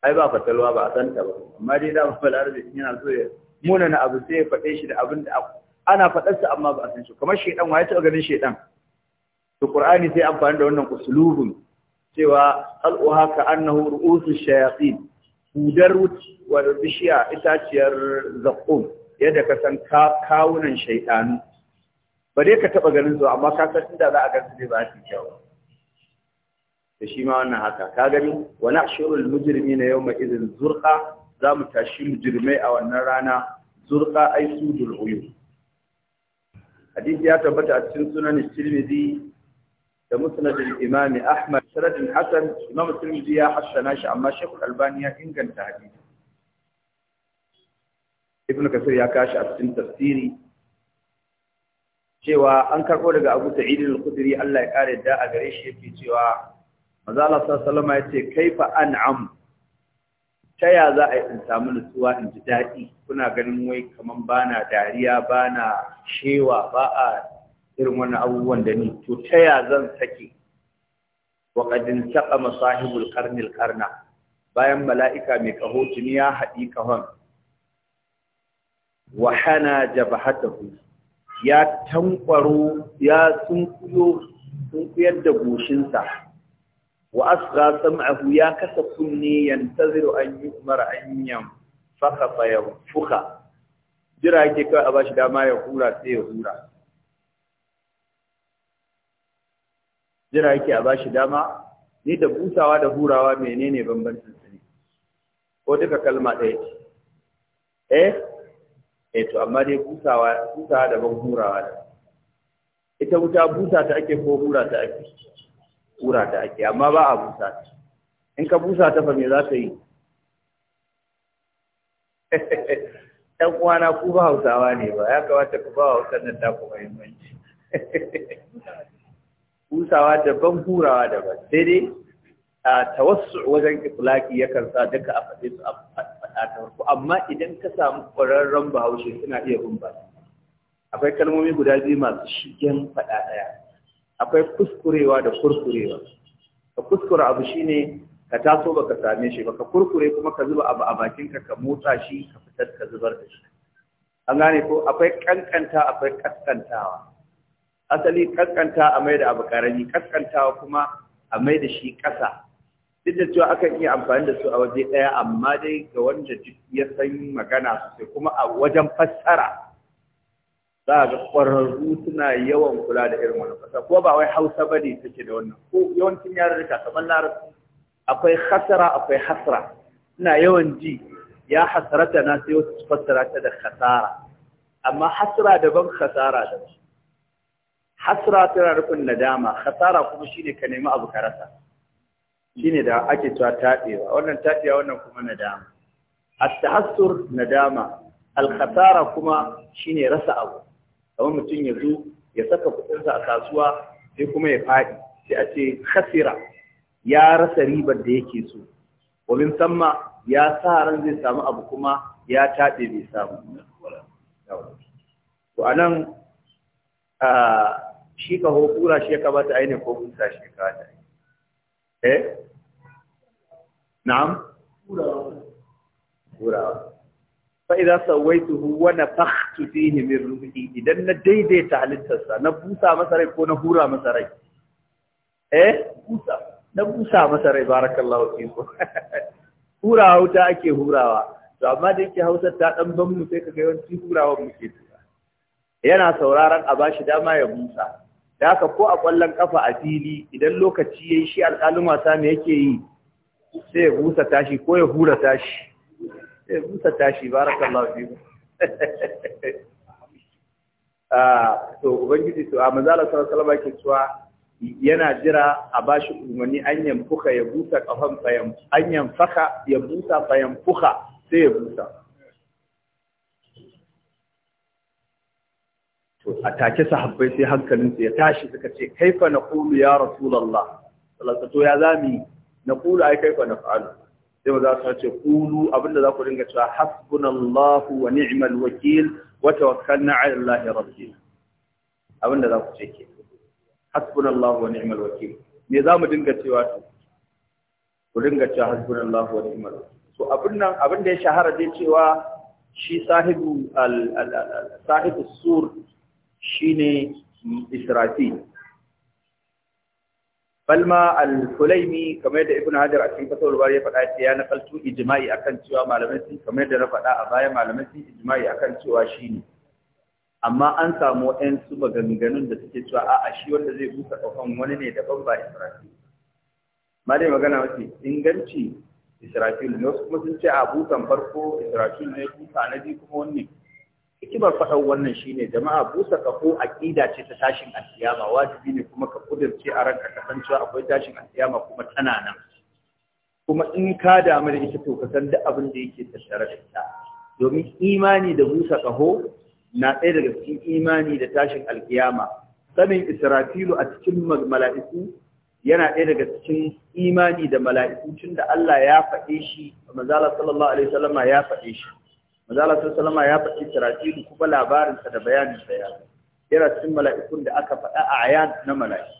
ai ba fatalwa ba a san ta ba amma dai da balarabe yana so ya muna na abu sai ya faɗe shi da abin da ana faɗarsa amma ba a san shi kamar shedan wa ya taɓa ganin shedan to qur'ani sai amfani da wannan usulubun cewa al'uhaka, haka annahu ru'usu shayatin hudar wa bishiya itaciyar zaqum yadda ka san kawunan shaytanu ba dai ka taba ganin su amma ka san inda za a gansu zai ba su kyawu da shi ma wannan haka ka gani wa nahshurul mujrimina yawma idhin zurqa za mu tashi mujrimai a wannan rana zurqa ay sudul uyun hadisi ya tabbata a cikin sunan Tirmidhi da musnadul Imam Ahmad sanadin Hasan Imam Tirmidhi ya hassana shi amma Sheikh Albani ya inganta hadisi Ibn Kasir ya kashi a cikin tafsiri cewa an karbo daga Abu Sa'id al Allah ya kare da a gare shi yake cewa maza Allah Salama ya ce kaifa an'am ta ya za a yi in samu nutsuwa in ji daɗi kuna ganin wai kaman bana dariya bana shewa ba a irin wani abubuwan da ni to ta ya zan sake wa kadin saqama masahibul qarnil qarna bayan mala'ika mai kaho tuni ya haɗi kahon wa hana jabhatahu ya tankwaro ya sunkuyo sunkuyar da goshinsa wa asgha sam'ahu ya kasa kunne yantaziru an yumara an yam faka fayam fuka jira ke kai a bashi dama ya hura sai ya hura jira ke a bashi dama ni da busawa da hurawa menene bambancin su ne ko duka kalma ɗaya ce eh eh to amma dai busawa busawa daban hurawa da ita wuta busa ta ake ko hura ta ake tura ta ake amma ba a busa in ka busa ta fa me za ta yi ɗan uwana ku ba hausawa ne ba ya kamata ku ba hausar nan taku ku busawa daban hurawa daban sai dai a tawassu wajen iflaki yakan sa duka a faɗi su a faɗa amma idan ka samu ƙwararren bahaushe suna iya bin akwai kalmomi guda biyu masu shigen faɗa ɗaya akwai kuskurewa da kurkurewa ka kuskura abu shine ka taso baka same shi ba ka kurkure kuma ka zuba abu a bakinka ka motsa shi ka fitar ka zubar da shi an gane ko akwai kankanta akwai kaskantawa asali kaskanta a mai da abu karami kaskantawa kuma a mai da shi kasa duk da cewa akan iya amfani da su a waje ɗaya amma dai ga wanda ya san magana sosai kuma a wajen fassara za ga ƙwararru suna yawan kula da irin wannan fasa ko ba wai hausa ba ne take da wannan ko yawancin yarurruka kamar larabci akwai hasara akwai hasara, suna yawan ji ya hasarata na sai wasu fassara ta da hasara amma hasara daban hasara daban hasara tana rufin nadama hasara kuma shine ka nemi abu ka rasa shine da ake cewa taɗewa wannan taɗewa wannan kuma nadama at-tahassur nadama al-khasara kuma shine rasa abu kamar mutum ya zo ya saka kuɗinsa a kasuwa sai kuma ya faɗi sai a ce hasira ya rasa ribar da yake so wabin samma ya sa ran zai samu abu kuma ya taɓe bai samu to a nan shi ka shi ya kamata a yi ko kusa shi ya kamata yi eh na'am kurawa fa'iza sawaituhu wa nafakhtu fihi min ruhi idan na daidaita halittarsa na busa masa rai ko na hura masa rai eh busa na busa masa rai barakallahu fiku hura wuta ake hurawa to amma da yake Hausa ta dan ban mu sai kaga yawanci hurawa muke tuka yana sauraron a bashi dama ya busa da haka ko a kwallon kafa a fili idan lokaci yayi shi alƙalin wasa me yake yi sai ya busa tashi ko ya hura tashi sai eh, busa tashi barakallahu fi ah to ubangiji to a manzala sallallahu alaihi cewa yana jira a bashi umarni an yamfuka ya busa kafan fayan an yamfaka ya busa fayan fuka sai ya busa to a take sahabbai sai hankalinsu ya tashi suka ce kaifa naqulu ya rasulullah sallallahu alaihi ya zami naqulu ai kaifa naf'alu sai ba za su ce kulu abinda za ku dinga cewa hasbunallahu wa ni'mal wakil wa tawakkalna 'ala allahi rabbina abinda za ku ce ke hasbunallahu wa ni'mal wakil me za mu dinga cewa to ku dinga cewa hasbunallahu wa ni'mal wakil to abin nan abin ya shahara dai cewa shi sahibu al sahibu sur shine israfil balma al-sulaimi kamar da ibnu hajar a cikin fasal bari ya faɗa ce ya nakaltu ijma'i akan cewa malamai sun kamar da na faɗa a baya malamai sun ijma'i akan cewa shine amma an samu ɗan su maganganun da suke cewa a'a shi wanda zai busa kafan wani ne daban ba israfil ma dai magana wace inganci israfil ne wasu kuma sun ce a busan farko israfil ne busa na biyu kuma wani hikimar faɗan wannan shine jama'a busa kafo aƙida ce ta tashin alkiyama wajibi ne kuma ka kudurce a ranka kasancewa akwai tashin alkiyama kuma tana nan kuma in ka damu da ita to ka san duk abin da yake tattare da ita domin imani da busa kaho na ɗaya daga cikin imani da tashin alkiyama sanin israfilu a cikin mala'iku yana ɗaya daga cikin imani da mala'iku tun da Allah ya faɗe shi manzala sallallahu alaihi ya faɗe shi Mazala sun salama ya faɗi Sirajilu kuma labarinsa da bayanin sa ya yana cikin mala'ikun da aka faɗa a ayan na mala'iku.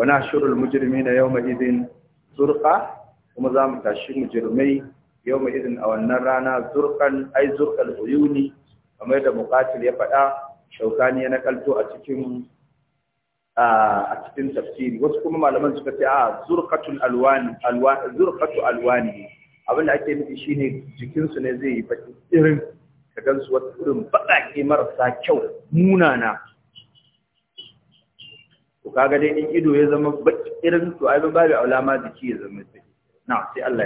Wani ashirul mujirmi na yau ma'izin zurƙa kuma za mu tashi mujirmai yau ma'izin a wannan rana zurƙan ai zurƙal uyuni kamar da muƙatil ya faɗa ne na kalto a cikin a cikin tafsiri wasu kuma malaman suka ce a zurqatul alwani alwani ne. alwani Abin da ake nufi shine jikinsu ne zai yi baki irin ka gansu wata irin baƙaƙe marasa kyau munana to kaga dai in ido ya zama baki irin su ai babu da ma jiki ya zama sai na sai Allah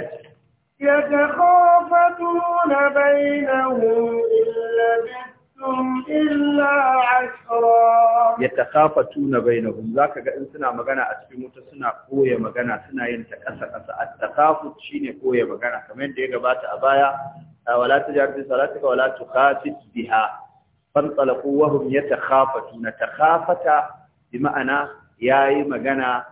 ya ce يتخافتون بينهم illa bi ya takafa tuna bainahum za ka ga in suna magana a cikin wuta suna koya magana suna yin ta ƙasa kasa a takafu shi ne koya magana kamar yadda ya gabata a baya wala ta jihar wala ta wala ta biha fantsalaku wahum ya takafa tuna takafata bi ma'ana ya yi magana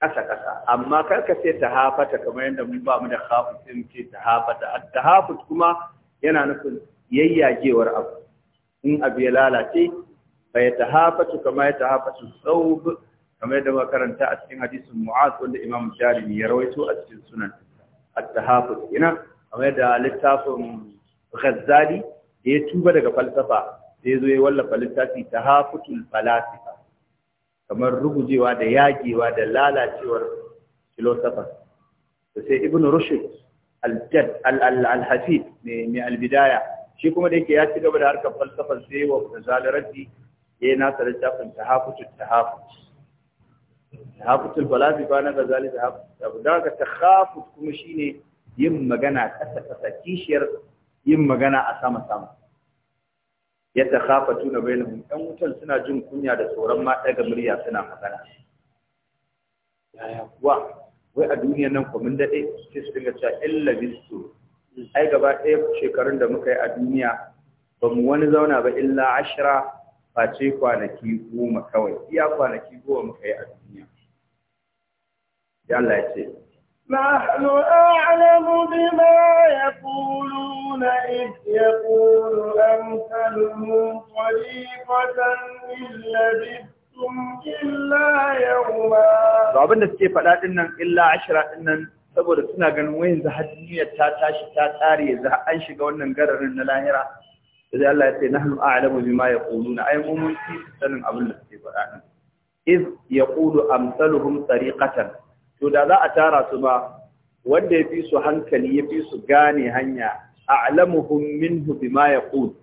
ƙasa-ƙasa amma karka ce ta hafata kamar yadda mun ba mu da hafu sai mu ce ta hafata a kuma yana nufin yayyagewar abu in abu ya lalace fa ya tahafatu kama ya tahafatu thawb kamar da makaranta a cikin hadisin Mu'az wanda Imam Jarimi ya rawaito a cikin sunan at-tahafut ina kamar da littafin Ghazzali da ya tuba daga falsafa sai ya zo ya wallafa littafi tahafutul falasifa kamar rugujewa da yagewa da lalacewar Da sai ibnu Rushd al-Jad al-Hafid mai albidaya shi kuma da yake ya ci gaba da harkar falsafar sai wa zalarati ya yi nasa littafin tahafutut tahafut tahafutul ba na gazali tahafut da haka tahafut kuma shi ne yin magana kasa kasa kishiyar yin magana a sama sama Yadda ya tuna bai bainahum ɗan wutan suna jin kunya da tsoron ma ga murya suna magana yaya kuwa wai a duniyar nan kwamin daɗe sai su dinga illa bisu ai gaba ɗaya shekarun da muka yi a duniya ba mu wani zauna ba illa ashira ba ce kwanaki goma kawai iya kwanaki goma muka yi a duniya ya Allah ya ce نحن أعلم بما يقولون إذ يقول أمثلهم طريقة إن لبثتم إلا يوما. abin da suke faɗa nan illa ashira nan saboda suna ganin wayan za har duniyar ta tashi ta tsare za an shiga wannan gararin na lahira zai Allah ya ce nahnu a'lamu bima yaquluna ay mu fi sanin abin da suke faɗa din iz yaqulu amsaluhum tariqatan to da za a tara su ba wanda ya fi su hankali ya fi su gane hanya a'lamuhum minhu bima yaqul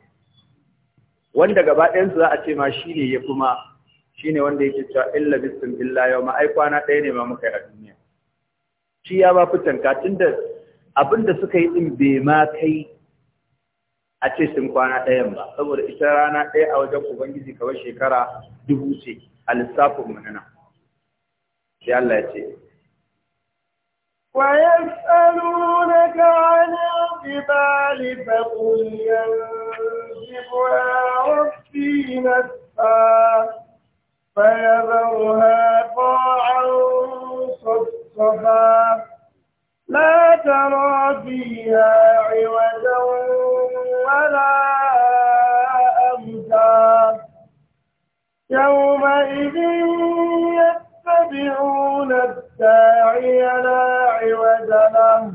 wanda gaba ɗayan su za a ce ma shine ya kuma shine wanda yake cewa illa bisum illa yawma ai kwana ɗaya ne ma muka yi a duniya shi ya ba katin da abin da suka yi din bai ma kai a ce sun kwana ɗayan ba saboda ita rana ɗaya a wajen ubangiji kawai shekara dubu ce a lissafin manana shi Allah ya ce ويسألونك عن الجبال الصفا لا ترى فيها عوجا ولا أمتا يومئذ يتبعون الداعي لا عوج له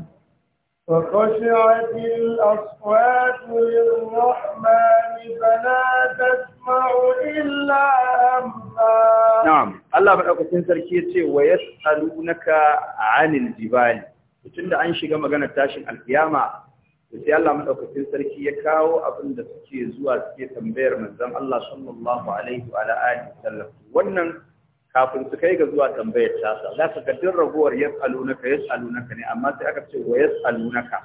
وخشعت الأصوات للرحمن فلا تسمع إلا همسا نعم Allah maɗaukacin sarki ya ce wa a anil jibali tun da an shiga maganar tashin alkiyama da sai Allah sarki ya kawo abin da suke zuwa suke tambayar manzon Allah sallallahu alaihi wa sallam wannan kafin su kai ga zuwa tambayar tasa za ka ga din ragowar yas'alunaka yas'alunaka ne amma sai aka ce wa yas'alunaka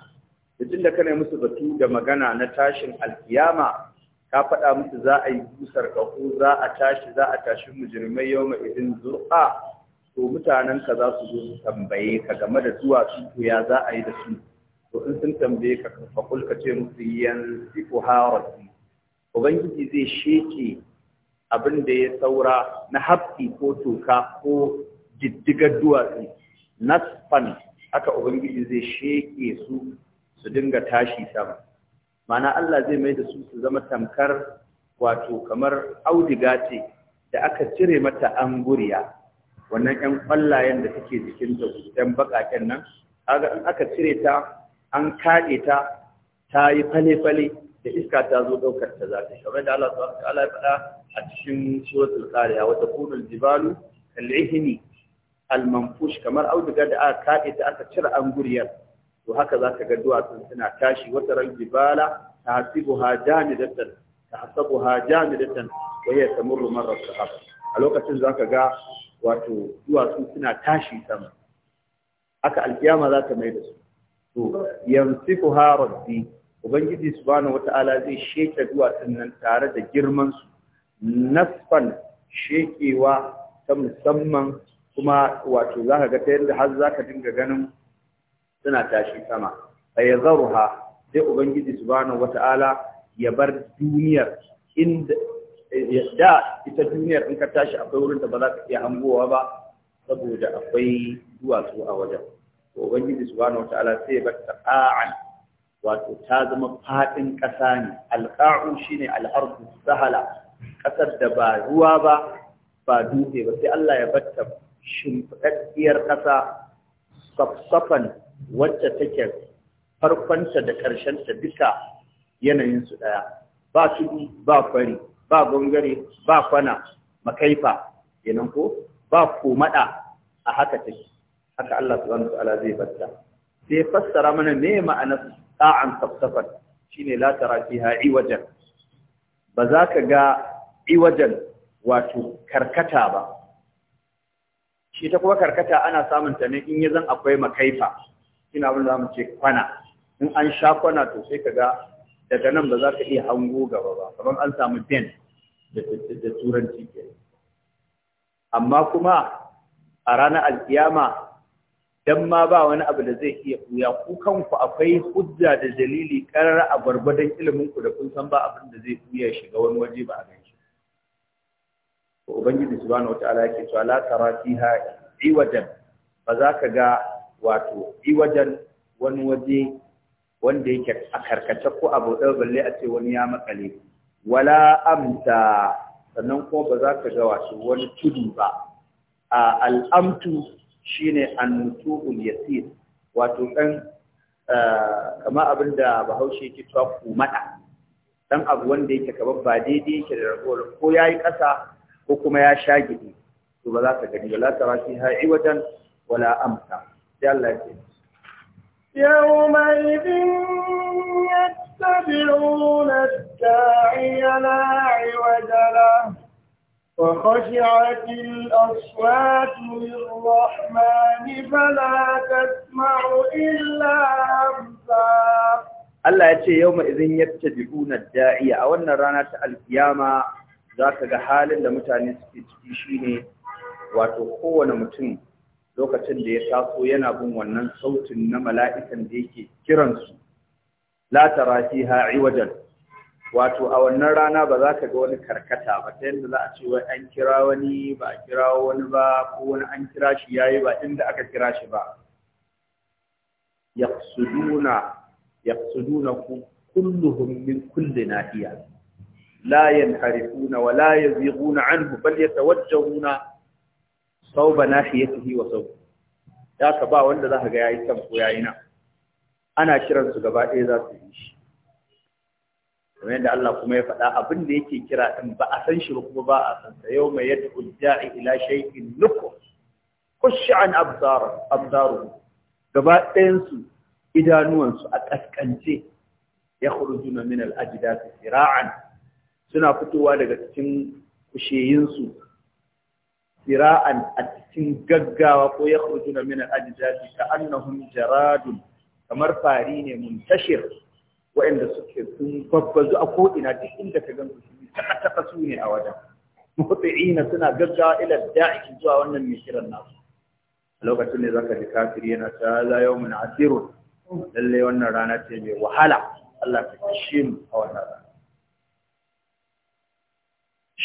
da ka kana musu batu da magana na tashin alkiyama ka faɗa musu za a yi busar ƙaho za a tashi za a tashi mujirmai yau mai idin zuwa to mutanen ka za su zo su tambaye ka game da duwatsu ko ya za a yi da su to in sun tambaye ka faƙul ka ce musu yanzu ku harasi ubangiji zai sheke abin da ya saura na haɓɓi ko toka ko diddigar duwatsu nasfan haka ubangiji zai sheke su su dinga tashi sama ma'ana Allah zai mai da su su zama tamkar wato kamar audiga ce da aka cire mata anguriya wannan 'yan kwallayen da take jikin ta ɗan baƙaƙen nan kaga in aka cire ta an kaɗe ta ta yi fale-fale da iska ta zo ɗaukar ta za ta kamar da Allah subhanahu Allah ya faɗa a cikin suratul qariya wata takunul jibalu kal'ihni al-manfush kamar audiga da aka kaɗe ta aka cire anguriyar to haka za ka ga duwatsun suna tashi wata ran jibala ta hasibu ha jami'atan ta hasabu ha jamidatan wa hiya marar marra haka. a lokacin za ka ga wato duwatsun suna tashi sama aka alkiyama za ta mai da su to ku ha rabbi ubangiji subhanahu ala zai sheke duwatsun nan tare da girman su nasfan shekewa ta musamman kuma wato za ka ga ta yadda har za ka dinga ganin suna tashi sama fayazarha sai ubangiji subhanahu wata'ala ya bar duniyar inda da ita duniyar in ka tashi akwai wurin da ba za ka iya hangowa ba saboda akwai duwatsu a wajen ubangiji subhanahu wata'ala sai ya bar ta'an wato ta zama fadin ƙasa ne alqa'u shine al-ardu sahala ƙasar da ba ruwa ba ba dutse ba sai Allah ya batta shimfiɗaɗɗiyar ƙasa safsafan wacce take farkonta da ƙarshenta duka yanayinsu ɗaya ba tudu ba fari, ba gongare ba kwana makaifa kenan ko ba komada a haka take haka Allah subhanahu ta'ala zai fassara sai fassara mana me ma'anar sa'an safsafan shine la tara fiha iwajan ba za ka ga iwajan wato karkata ba shi ta kuma karkata ana samun ta ne in ya zan akwai makaifa ina abin da ce kwana in an sha kwana to sai ka ga daga nan ba za ka iya hango gaba ba kamar an samu ben da turanci ke amma kuma a ranar alkiyama dan ma ba wani abu da zai iya buya ku kanku akwai hujja da dalili karar a gwargwadon ilimin ku da kun san ba abin da zai buya shiga wani waje ba a gan shi ubangiji subhanahu wataala yake cewa la tara fiha ba za ka ga wato iwajen wani waje wanda yake a karkace ko abu buɗe balle a ce wani ya matsale. wala amsa sannan kuma ba za ka ga wato wani tudu ba a al'amtu shine annutu'ul yasir wato ɗan kama abin da bahaushe yake cewa kumata dan abu wanda yake kamar ba daidai yake da ragowar ko yayi ƙasa ko kuma ya shagidi to ba za ka gani wala tara fiha iwajan wala amta yallace يومئذ يتبعون الداعي لا عوج له وخشعت الأصوات للرحمن فلا تسمع إلا همسا Allah ya ce yau mai izin yadda bihuna da'iya a wannan rana ta alkiyama za ka ga halin da mutane suke ciki shine wato kowane mutum lokacin da ya taso yana bin wannan sautin na mala'ikan da yake kiransu la tara hai wajen. wato a wannan rana ba za ka ga wani karkata ba ta yadda za a ce wai an kira wani ba a kira wani ba ko wani an kira shi yayi ba inda aka kira shi ba yaqsuduna yaqsuduna kulluhum min kulli nahiya la yanharifuna wa la yazighuna anhu bal yatawajjahuna sauba nahiyatihi wa sauba Ya ka ba wanda za ka ga yayi can ko yi na? ana kiransu su gaba ɗaya za su yi shi kamar yadda Allah kuma ya faɗa abin da yake kira din ba a san shi ba kuma ba a san sa yau mai yadda da'i ila shay'in nukum kushi an abdar gaba ɗayan su a ƙasƙance ya juna min al-ajdath sira'an suna fitowa daga cikin kusheyinsu. sira'an a cikin gaggawa ko ya kurjuna min al-ajdaji ka jaradun kamar fari ne muntashir waɗanda suke sun babbazu a ko'ina duk inda ka gan su taka su ne a wajen na suna gaggawa ila da'i zuwa wannan mai kiran nasu a lokacin ne zaka ji kafiri yana ta la yawmun asirun lalle wannan rana ce mai wahala Allah ta kishe mu a wannan rana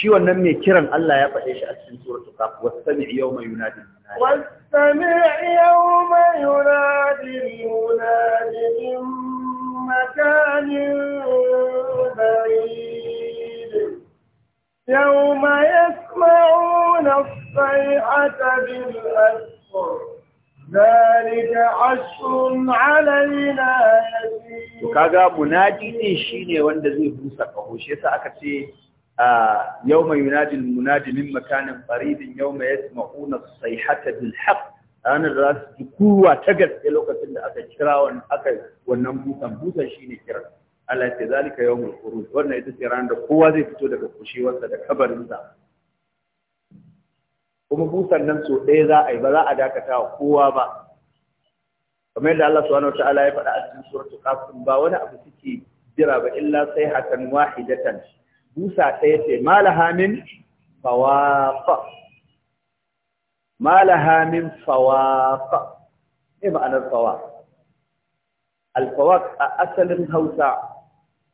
shi wannan mai kiran Allah ya faɗe shi a cikin suratul kaf wasami yawma yunadi wasami yawma yunadi yunadi min makanin ba'id yawma yasma'una as-sayhata bil asfar ذلك عشر علينا kaga munadi din shine wanda zai busa kaho shi yasa aka ce يوم ينادي المنادي من مكان قريب يوم يسمعون الصيحة بالحق ranar da za su ji kurwa ta gaske lokacin da aka kira aka wannan busan busan shi ne kira Allah ce zalika yau mai kuru wannan ita ce ranar da kowa zai fito daga kushewarsa da kabarinsa kuma busan nan so ɗaya za a yi ba za a dakata wa kowa ba kamar yadda Allah subhanahu ta'ala ya faɗa a cikin suratul qasam ba wani abu suke jira ba illa sai hatan wahidatan busa ɗaya ce malaha min fawaqa malaha min fawaqa ne ma'anar fawa alfawaq a asalin Hausa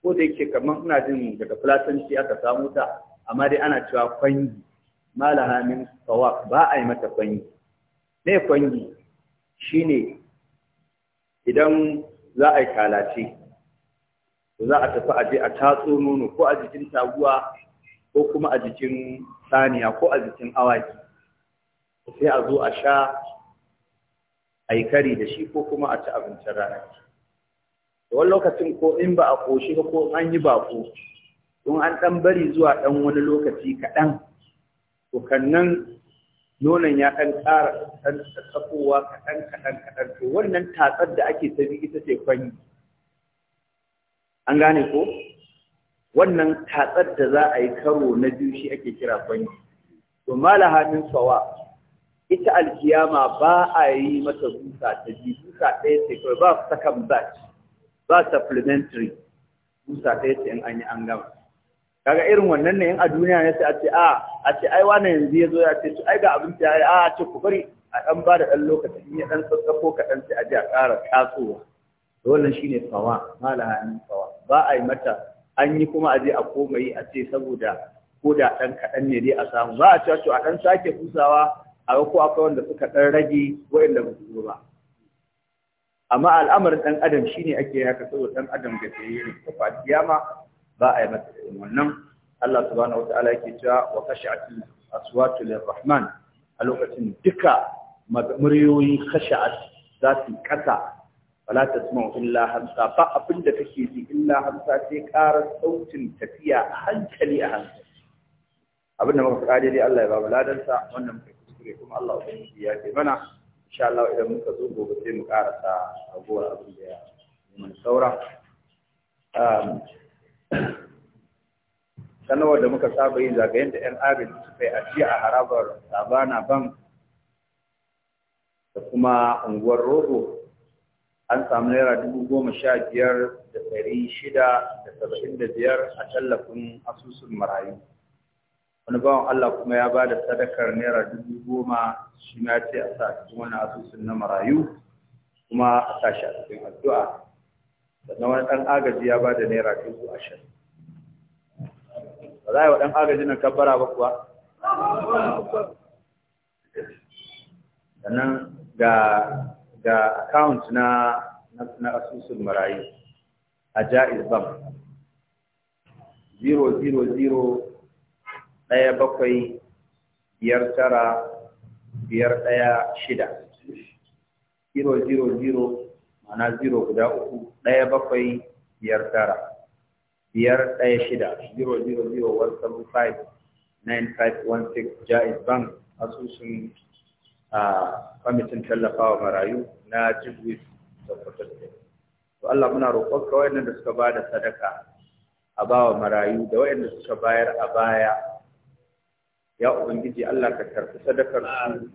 ko da yake kamar ina jin daga fulatanci aka samu ta amma dai ana cewa kwangi malaha min fawa ba a yi mata kwangi ne kwangi shine idan za a yi kalace za a tafi aje a tatso nono ko a jikin taguwa ko kuma a jikin saniya ko a jikin awaki sai a zo a sha a yi kari da shi ko kuma a ci abincin rana wani lokacin ko in ba a koshi ba ko an yi baƙo in an ɗan bari zuwa ɗan wani lokaci kaɗan to kannan nonon ya ɗan ƙara tsakowa kaɗan kaɗan kaɗan to wannan tatsar da ake tabi ita ce kwanyi an gane ko wannan tatsar da za a yi karo na biyu shi ake kira banki to malaha min sawa ita alkiyama ba a yi mata duka ta ji duka ɗaya ce kawai ba second batch ba supplementary duka ɗaya ce in an yi an gama kaga irin wannan ne in a duniya ne sai a ce a ah, a ce ai wannan yanzu ya zo ya ce ai ga abinci ya a a ce ku bari a dan ba da dan lokaci in ya dan sassafo kaɗan sai a ji a ƙara tasowa da wannan shine fawa malaha min fawa ba a yi mata an yi kuma a je a koma yi a ce saboda ko da ɗan kaɗan ne dai a samu ba a cewa to a ɗan sake kusawa a ga ko akwai wanda suka ɗan rage wa'inda ba su ba amma al'amarin ɗan adam shi ne ake haka saboda ɗan adam ga tsaye ne ta fa kiyama ba a yi mata irin wannan Allah subhanahu wataala yake cewa wa khashi'atil aswatu lirrahman a lokacin duka muryoyi khashi'at za su kasa wala tasma'u illa hamsa ba abin da kake ji illa hamsa sai ƙara sautin tafiya a hankali a hankali abin da muka faɗa dai Allah ya ba mu ladansa wannan muka kuskure kuma Allah ubangiji ya ce mana insha Allah idan muka zo gobe sai mu ƙarasa ragowar abin da ya mun saura sanarwar da muka saba yin zagayen da 'yan arin suka yi ajiya a harabar sabana bank da kuma unguwar rogo an samu naira dubu goma sha biyar da ɗari shida da saba'in da biyar a tallafin asusun marayu wani bawan Allah kuma ya ba da sadakar naira dubu goma shi ma ce a sa cikin wani asusun na marayu kuma a sa shi a cikin addu'a sannan wani ɗan agaji ya ba da naira dubu ashirin ba za a yi wa ɗan agaji nan kabbara ba kuwa sannan ga da account na na asusun marayu a Jaiz Bank 000 ɗaya bakwai biyar tara biyar ɗaya shida 000 ma'ana 0 guda uku 0, bakwai biyar tara biyar ɗaya shida 000 175 Jaiz Bank asusun a kwamitin tallafawa marayu na jibwis da to Allah muna roƙonka da suka ba da sadaka a bawa marayu da wa'inda suka bayar a baya ya ubangiji Allah ka karɓi sadakar su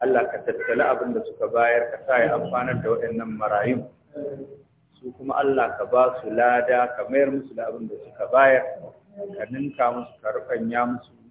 Allah ka tattala abin da suka bayar ka sa ya amfana da waɗannan marayu su kuma Allah ka ba su lada ka mayar musu da abin da suka bayar ka ninka musu ka rukanya musu